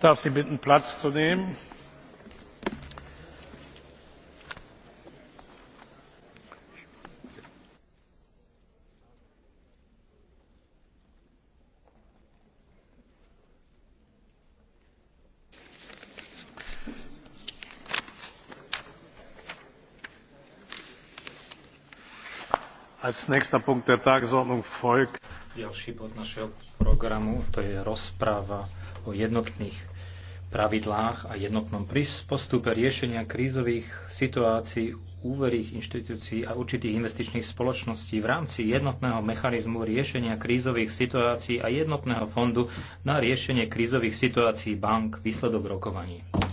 darf sie bitten platz zu nehmen. als nächster punkt der tagesordnung folgt ďalší bod našeho programu to je rozprava o jednotných pravidlách a jednotnom postupe riešenia krízových situácií úverých inštitúcií a určitých investičných spoločností v rámci jednotného mechanizmu riešenia krízových situácií a jednotného fondu na riešenie krízových situácií bank výsledok rokovaní.